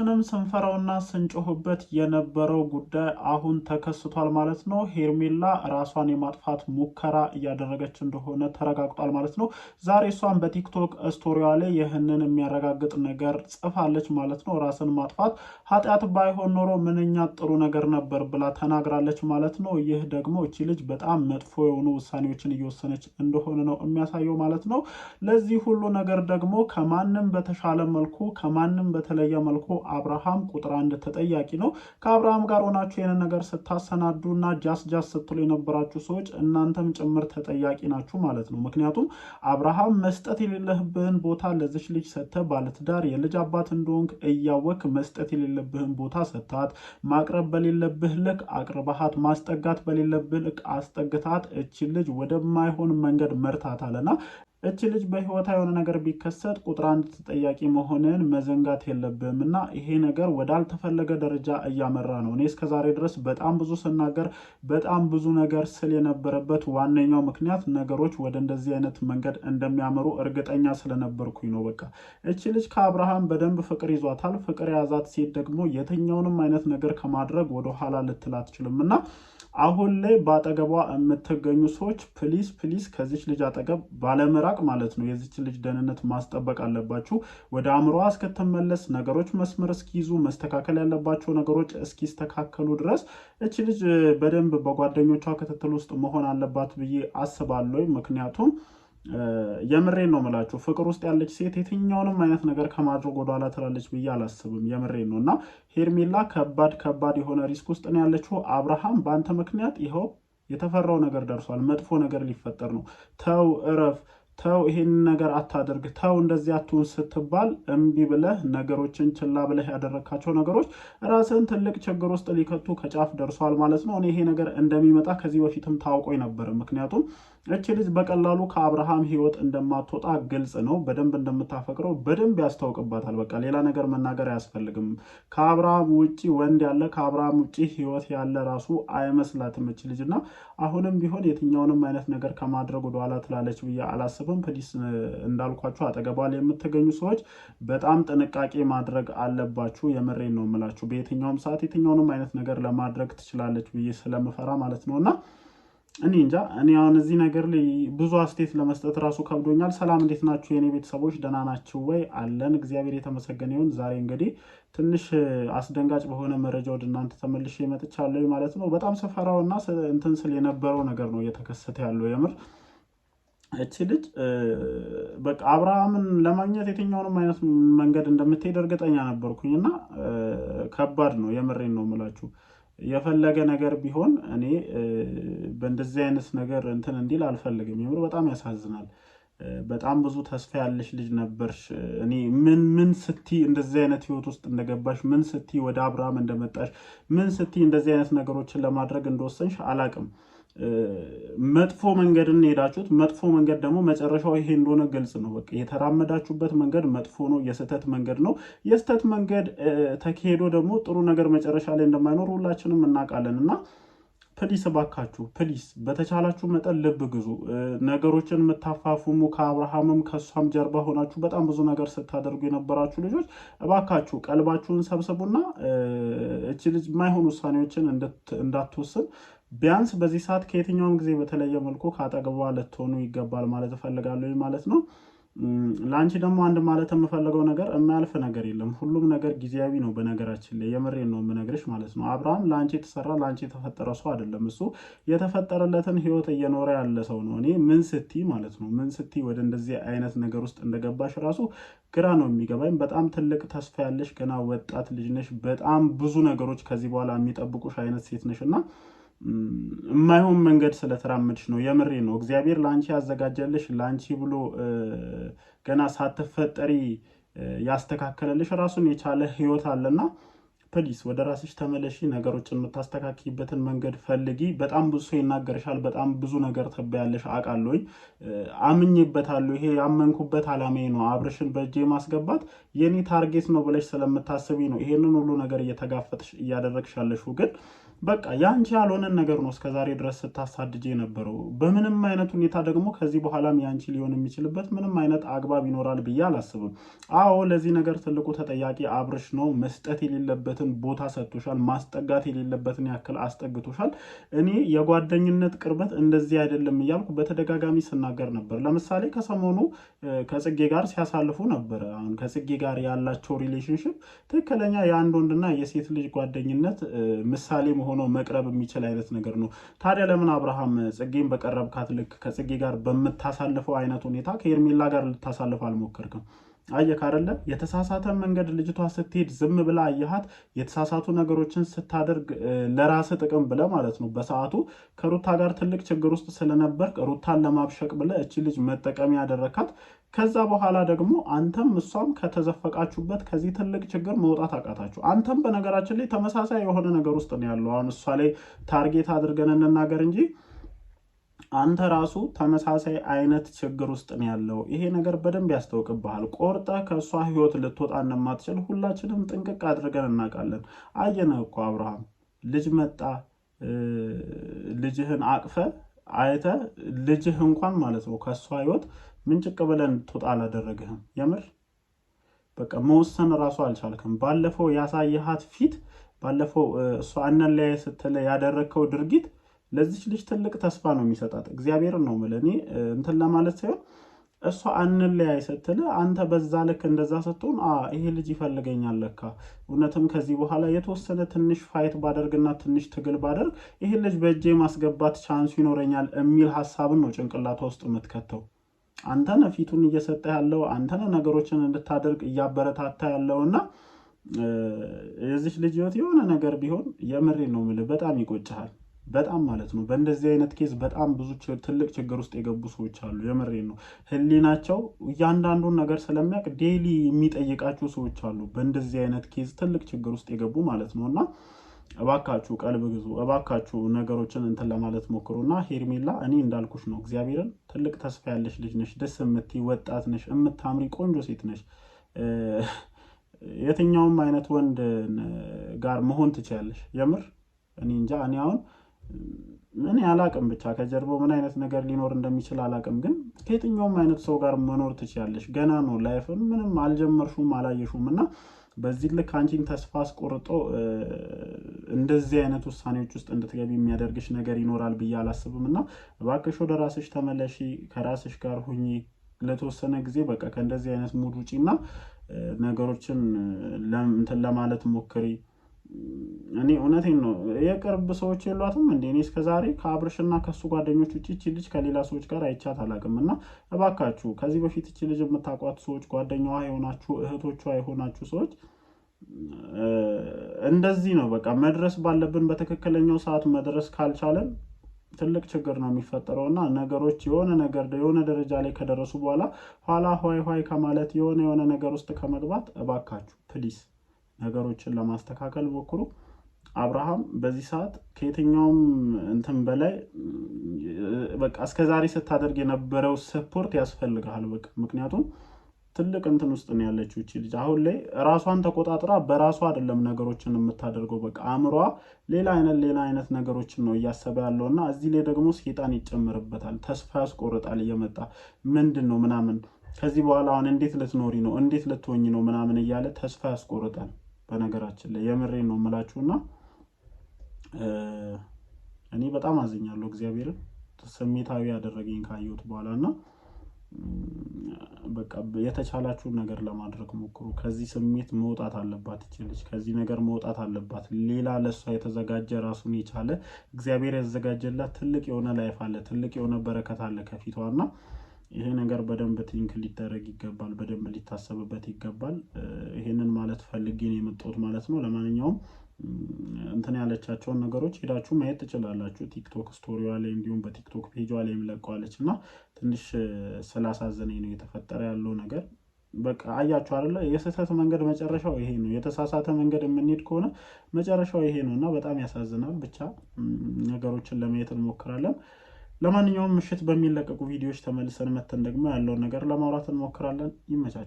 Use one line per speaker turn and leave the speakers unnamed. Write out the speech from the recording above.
ሁላችንም ስንፈራውና ስንጮህበት የነበረው ጉዳይ አሁን ተከስቷል ማለት ነው። ሄርሜላ ራሷን የማጥፋት ሙከራ እያደረገች እንደሆነ ተረጋግጧል ማለት ነው። ዛሬ እሷን በቲክቶክ ስቶሪዋ ላይ ይህንን የሚያረጋግጥ ነገር ጽፋለች ማለት ነው። ራስን ማጥፋት ኃጢአት ባይሆን ኖሮ ምንኛ ጥሩ ነገር ነበር ብላ ተናግራለች ማለት ነው። ይህ ደግሞ እቺ ልጅ በጣም መጥፎ የሆኑ ውሳኔዎችን እየወሰነች እንደሆነ ነው የሚያሳየው ማለት ነው። ለዚህ ሁሉ ነገር ደግሞ ከማንም በተሻለ መልኩ ከማንም በተለየ መልኩ አብርሃም ቁጥር አንድ ተጠያቂ ነው። ከአብርሃም ጋር ሆናችሁ ይህንን ነገር ስታሰናዱ እና ጃስ ጃስ ስትሉ የነበራችሁ ሰዎች እናንተም ጭምር ተጠያቂ ናችሁ ማለት ነው። ምክንያቱም አብርሃም መስጠት የሌለብህን ቦታ ለዚች ልጅ ሰጥተህ ባለትዳር የልጅ አባት እንደሆንክ እያወክ መስጠት የሌለብህን ቦታ ሰጥታት ማቅረብ በሌለብህ ልክ አቅርባሃት ማስጠጋት በሌለብህ ልክ አስጠግታት እቺ ልጅ ወደማይሆን መንገድ መርታታልና እች ልጅ በህይወታ የሆነ ነገር ቢከሰት ቁጥር አንድ ተጠያቂ መሆንን መዘንጋት የለብም እና ይሄ ነገር ወዳልተፈለገ ደረጃ እያመራ ነው። እኔ እስከዛሬ ድረስ በጣም ብዙ ስናገር በጣም ብዙ ነገር ስል የነበረበት ዋነኛው ምክንያት ነገሮች ወደ እንደዚህ አይነት መንገድ እንደሚያመሩ እርግጠኛ ስለነበርኩኝ ነው። በቃ እች ልጅ ከአብርሃም በደንብ ፍቅር ይዟታል። ፍቅር የያዛት ሴት ደግሞ የትኛውንም አይነት ነገር ከማድረግ ወደኋላ ልትል አትችልም እና አሁን ላይ በአጠገቧ የምትገኙ ሰዎች ፕሊስ ፕሊስ ከዚች ልጅ አጠገብ ባለመራቅ ማለት ነው የዚች ልጅ ደህንነት ማስጠበቅ አለባችሁ። ወደ አእምሮ እስክትመለስ ነገሮች መስመር እስኪይዙ መስተካከል ያለባቸው ነገሮች እስኪስተካከሉ ድረስ እች ልጅ በደንብ በጓደኞቿ ክትትል ውስጥ መሆን አለባት ብዬ አስባለሁ። ምክንያቱም የምሬን ነው የምላችሁ። ፍቅር ውስጥ ያለች ሴት የትኛውንም አይነት ነገር ከማድረግ ወደኋላ ትላለች ብዬ አላስብም። የምሬን ነው እና ሄርሜላ ከባድ ከባድ የሆነ ሪስክ ውስጥ ነው ያለችው። አብርሃም በአንተ ምክንያት ይኸው የተፈራው ነገር ደርሷል። መጥፎ ነገር ሊፈጠር ነው። ተው እረፍ፣ ተው ይሄን ነገር አታደርግ፣ ተው እንደዚህ አትሁን ስትባል እምቢ ብለህ ነገሮችን ችላ ብለህ ያደረግካቸው ነገሮች ራስህን ትልቅ ችግር ውስጥ ሊከቱ ከጫፍ ደርሷል ማለት ነው። እኔ ይሄ ነገር እንደሚመጣ ከዚህ በፊትም ታውቆኝ ነበር። ምክንያቱም እች ልጅ በቀላሉ ከአብርሃም ህይወት እንደማትወጣ ግልጽ ነው። በደንብ እንደምታፈቅረው በደንብ ያስታውቅባታል። በቃ ሌላ ነገር መናገር አያስፈልግም። ከአብርሃም ውጭ ወንድ ያለ፣ ከአብርሃም ውጭ ህይወት ያለ ራሱ አይመስላትም እች ልጅ እና አሁንም ቢሆን የትኛውንም አይነት ነገር ከማድረግ ወደኋላ ትላለች ብዬ አላስብም። ፕሊስ እንዳልኳችሁ አጠገቧል የምትገኙ ሰዎች በጣም ጥንቃቄ ማድረግ አለባችሁ። የምሬን ነው የምላችሁ። በየትኛውም ሰዓት የትኛውንም አይነት ነገር ለማድረግ ትችላለች ብዬ ስለምፈራ ማለት ነው እና እኔ እንጃ እኔ አሁን እዚህ ነገር ላይ ብዙ አስቴት ለመስጠት ራሱ ከብዶኛል። ሰላም እንዴት ናችሁ የእኔ ቤተሰቦች? ደህና ናችሁ ወይ? አለን እግዚአብሔር የተመሰገነ ይሁን። ዛሬ እንግዲህ ትንሽ አስደንጋጭ በሆነ መረጃ ወደ እናንተ ተመልሼ መጥቻለሁ ማለት ነው። በጣም እና እንትን ስል የነበረው ነገር ነው እየተከሰተ ያለው የምር እቺ ልጅ በቃ አብርሃምን ለማግኘት የትኛውንም አይነት መንገድ እንደምትሄድ እርግጠኛ ነበርኩኝ እና ከባድ ነው የምሬን ነው የምላችሁ የፈለገ ነገር ቢሆን እኔ በእንደዚህ አይነት ነገር እንትን እንዲል አልፈልግም። የምር በጣም ያሳዝናል። በጣም ብዙ ተስፋ ያለሽ ልጅ ነበርሽ። እኔ ምን ምን ስቲ እንደዚህ አይነት ህይወት ውስጥ እንደገባሽ፣ ምን ስቲ ወደ አብርሃም እንደመጣሽ፣ ምን ስቲ እንደዚህ አይነት ነገሮችን ለማድረግ እንደወሰንሽ አላቅም። መጥፎ መንገድን ሄዳችሁት መጥፎ መንገድ ደግሞ መጨረሻው ይሄ እንደሆነ ግልጽ ነው። በቃ የተራመዳችሁበት መንገድ መጥፎ ነው፣ የስህተት መንገድ ነው። የስህተት መንገድ ተካሄዶ ደግሞ ጥሩ ነገር መጨረሻ ላይ እንደማይኖር ሁላችንም እናውቃለን እና ፕሊስ እባካችሁ ፕሊስ በተቻላችሁ መጠን ልብ ግዙ። ነገሮችን የምታፋፉሙ ከአብርሃምም ከእሷም ጀርባ ሆናችሁ በጣም ብዙ ነገር ስታደርጉ የነበራችሁ ልጆች እባካችሁ ቀልባችሁን ሰብስቡና እቺ ልጅ የማይሆኑ ውሳኔዎችን እንዳትወስን ቢያንስ በዚህ ሰዓት ከየትኛውም ጊዜ በተለየ መልኩ ከአጠገቧ ልትሆኑ ይገባል ማለት እፈልጋለሁ ማለት ነው። ለአንቺ ደግሞ አንድ ማለት የምፈልገው ነገር የማያልፍ ነገር የለም። ሁሉም ነገር ጊዜያዊ ነው። በነገራችን ላይ የምሬን ነው የምነግርሽ ማለት ነው። አብርሃም ለአንቺ የተሰራ ለአንቺ የተፈጠረ ሰው አይደለም። እሱ የተፈጠረለትን ህይወት እየኖረ ያለ ሰው ነው። እኔ ምን ስቲ ማለት ነው ምን ስቲ ወደ እንደዚህ አይነት ነገር ውስጥ እንደገባሽ ራሱ ግራ ነው የሚገባኝ። በጣም ትልቅ ተስፋ ያለሽ ገና ወጣት ልጅ ነሽ። በጣም ብዙ ነገሮች ከዚህ በኋላ የሚጠብቁሽ አይነት ሴት ነሽ እና የማይሆን መንገድ ስለተራመድሽ ነው። የምሬ ነው። እግዚአብሔር ለአንቺ ያዘጋጀልሽ ለአንቺ ብሎ ገና ሳትፈጠሪ ያስተካከለልሽ ራሱን የቻለ ህይወት አለና ፕሊስ ወደ ራስሽ ተመለሺ፣ ነገሮችን የምታስተካክይበትን መንገድ ፈልጊ። በጣም ብዙ ሰው ይናገርሻል፣ በጣም ብዙ ነገር ትበያለሽ፣ አውቃለሁኝ። አምኜበታለሁ። ይሄ ያመንኩበት አላማዬ ነው አብርሽን በእጄ ማስገባት የኔ ታርጌት ነው ብለሽ ስለምታስቢ ነው ይሄንን ሁሉ ነገር እየተጋፈጥሽ እያደረግሽ ያለሽው ግን በቃ ያንቺ ያልሆነን ነገር ነው እስከዛሬ ድረስ ስታሳድጄ የነበረው። በምንም አይነት ሁኔታ ደግሞ ከዚህ በኋላም ያንቺ ሊሆን የሚችልበት ምንም አይነት አግባብ ይኖራል ብዬ አላስብም። አዎ ለዚህ ነገር ትልቁ ተጠያቂ አብርሽ ነው መስጠት የሌለበት ያለበትን ቦታ ሰጥቶሻል። ማስጠጋት የሌለበትን ያክል አስጠግቶሻል። እኔ የጓደኝነት ቅርበት እንደዚህ አይደለም እያልኩ በተደጋጋሚ ስናገር ነበር። ለምሳሌ ከሰሞኑ ከጽጌ ጋር ሲያሳልፉ ነበረ። አሁን ከጽጌ ጋር ያላቸው ሪሌሽንሽፕ ትክክለኛ የአንድ ወንድና የሴት ልጅ ጓደኝነት ምሳሌ ሆኖ መቅረብ የሚችል አይነት ነገር ነው። ታዲያ ለምን አብርሃም ጽጌን በቀረብካት ልክ ከጽጌ ጋር በምታሳልፈው አይነት ሁኔታ ከኤርሜላ ጋር ልታሳልፍ አልሞከርክም? አየህ አይደለ የተሳሳተ መንገድ ልጅቷ ስትሄድ ዝም ብላ አየሃት። የተሳሳቱ ነገሮችን ስታደርግ ለራስ ጥቅም ብለ ማለት ነው። በሰዓቱ ከሩታ ጋር ትልቅ ችግር ውስጥ ስለነበር ሩታን ለማብሸቅ ብለ እቺ ልጅ መጠቀም ያደረካት። ከዛ በኋላ ደግሞ አንተም እሷም ከተዘፈቃችሁበት ከዚህ ትልቅ ችግር መውጣት አቃታችሁ። አንተም በነገራችን ላይ ተመሳሳይ የሆነ ነገር ውስጥ ነው ያለው። አሁን እሷ ላይ ታርጌት አድርገን እንናገር እንጂ አንተ ራሱ ተመሳሳይ አይነት ችግር ውስጥ ነው ያለው። ይሄ ነገር በደንብ ያስታውቅብሃል። ቆርጠህ ከእሷ ህይወት ልትወጣ እንደማትችል ሁላችንም ጥንቅቅ አድርገን እናውቃለን። አየነህ እኮ አብርሃም፣ ልጅ መጣ፣ ልጅህን አቅፈ አይተ ልጅህ እንኳን ማለት ነው ከእሷ ህይወት ምንጭቅ ብለን እንድትወጣ አላደረግህም። የምር በቃ መወሰን እራሱ አልቻልክም። ባለፈው ያሳየሃት ፊት፣ ባለፈው እሷ ላይ ስትል ያደረግከው ድርጊት ለዚች ልጅ ትልቅ ተስፋ ነው የሚሰጣት። እግዚአብሔርን ነው የምልህ እኔ እንትን ለማለት ሳይሆን እሷ አንለያይ ስትል አንተ በዛ ልክ እንደዛ ስትሆን ይሄ ልጅ ይፈልገኛል ለካ እውነትም ከዚህ በኋላ የተወሰነ ትንሽ ፋይት ባደርግና ትንሽ ትግል ባደርግ ይሄ ልጅ በእጄ ማስገባት ቻንሱ ይኖረኛል የሚል ሀሳብን ነው ጭንቅላቷ ውስጥ የምትከተው። አንተነ ፊቱን እየሰጠ ያለው አንተነ ነገሮችን እንድታደርግ እያበረታታ ያለው እና የዚች ልጅ ህይወት የሆነ ነገር ቢሆን የምሬ ነው የምልህ በጣም ይቆጭሃል። በጣም ማለት ነው። በእንደዚህ አይነት ኬዝ በጣም ብዙ ትልቅ ችግር ውስጥ የገቡ ሰዎች አሉ። የምሬን ነው። ህሊናቸው እያንዳንዱን ነገር ስለሚያውቅ ዴይሊ የሚጠይቃቸው ሰዎች አሉ። በእንደዚህ አይነት ኬዝ ትልቅ ችግር ውስጥ የገቡ ማለት ነው እና እባካችሁ ቀልብ ግዙ። እባካችሁ ነገሮችን እንትን ለማለት ሞክሩ እና ሄርሜላ፣ እኔ እንዳልኩሽ ነው። እግዚአብሔርን ትልቅ ተስፋ ያለሽ ልጅ ነሽ። ደስ የምትይ ወጣት ነሽ። የምታምሪ ቆንጆ ሴት ነሽ። የትኛውም አይነት ወንድ ጋር መሆን ትችያለሽ። የምር እኔ እንጃ እኔ አሁን እኔ አላቅም ብቻ ከጀርባው ምን አይነት ነገር ሊኖር እንደሚችል አላቅም። ግን ከየትኛውም አይነት ሰው ጋር መኖር ትችያለሽ። ገና ነው ላይፍን ምንም አልጀመርሹም አላየሹም እና በዚህ ልክ አንቺን ተስፋ አስቆርጦ እንደዚህ አይነት ውሳኔዎች ውስጥ እንድትገቢ የሚያደርግሽ ነገር ይኖራል ብዬ አላስብም እና እባክሽ ወደ ራስሽ ተመለሺ፣ ከራስሽ ጋር ሁኚ ለተወሰነ ጊዜ በቃ ከእንደዚህ አይነት ሙድ ውጪ እና ነገሮችን እንትን ለማለት ሞክሪ። እኔ እውነቴን ነው። የቅርብ ሰዎች የሏትም እንደ እኔ እስከዛሬ ከአብርሽና ከእሱ ጓደኞች ውጭ እቺ ልጅ ከሌላ ሰዎች ጋር አይቻት አላቅም። እና እባካችሁ ከዚህ በፊት እቺ ልጅ የምታውቋት ሰዎች፣ ጓደኛዋ የሆናችሁ እህቶቿ የሆናችሁ ሰዎች እንደዚህ ነው በቃ መድረስ ባለብን በትክክለኛው ሰዓት መድረስ ካልቻለን ትልቅ ችግር ነው የሚፈጠረው እና ነገሮች የሆነ ነገር የሆነ ደረጃ ላይ ከደረሱ በኋላ ኋላ ሆይ ሆይ ከማለት የሆነ የሆነ ነገር ውስጥ ከመግባት እባካችሁ ፕሊስ ነገሮችን ለማስተካከል ሞክሩ። አብርሃም በዚህ ሰዓት ከየትኛውም እንትን በላይ በቃ እስከዛሬ ስታደርግ የነበረው ሰፖርት ያስፈልግሃል። በቃ ምክንያቱም ትልቅ እንትን ውስጥ ነው ያለችው እቺ ልጅ። አሁን ላይ ራሷን ተቆጣጥራ በራሷ አይደለም ነገሮችን የምታደርገው። በቃ አእምሯ ሌላ አይነት ሌላ አይነት ነገሮችን ነው እያሰበ ያለው እና እዚህ ላይ ደግሞ ሴጣን ይጨምርበታል፣ ተስፋ ያስቆርጣል። እየመጣ ምንድን ነው ምናምን ከዚህ በኋላ አሁን እንዴት ልትኖሪ ነው እንዴት ልትወኝ ነው ምናምን እያለ ተስፋ ያስቆርጣል። በነገራችን ላይ የምሬን ነው እና እኔ በጣም አዝኛለሁ። እግዚአብሔርን ስሜታዊ ያደረገኝ ካየሁት በኋላ እና በቃ የተቻላችሁን ነገር ለማድረግ ሞክሩ። ከዚህ ስሜት መውጣት አለባት ይችልች ከዚህ ነገር መውጣት አለባት። ሌላ ለእሷ የተዘጋጀ ራሱን የቻለ እግዚአብሔር ያዘጋጀላት ትልቅ የሆነ ላይፍ አለ፣ ትልቅ የሆነ በረከት አለ ከፊቷ እና ይሄ ነገር በደንብ ቲንክ ሊደረግ ይገባል፣ በደንብ ሊታሰብበት ይገባል። ይሄንን ማለት ፈልጌ ነው የመጣሁት ማለት ነው። ለማንኛውም እንትን ያለቻቸውን ነገሮች ሄዳችሁ ማየት ትችላላችሁ። ቲክቶክ ስቶሪዋ ላይ እንዲሁም በቲክቶክ ፔጇ ላይ የሚለቀዋለች እና ትንሽ ስላሳዘነኝ ነው የተፈጠረ ያለው ነገር። በቃ አያችሁ አይደለ? የስህተት መንገድ መጨረሻው ይሄ ነው። የተሳሳተ መንገድ የምንሄድ ከሆነ መጨረሻው ይሄ ነው እና በጣም ያሳዝናል። ብቻ ነገሮችን ለማየት እንሞክራለን። ለማንኛውም ምሽት በሚለቀቁ ቪዲዮዎች ተመልሰን መተን ደግሞ ያለውን ነገር ለማውራት እንሞክራለን። ይመቻችሁ።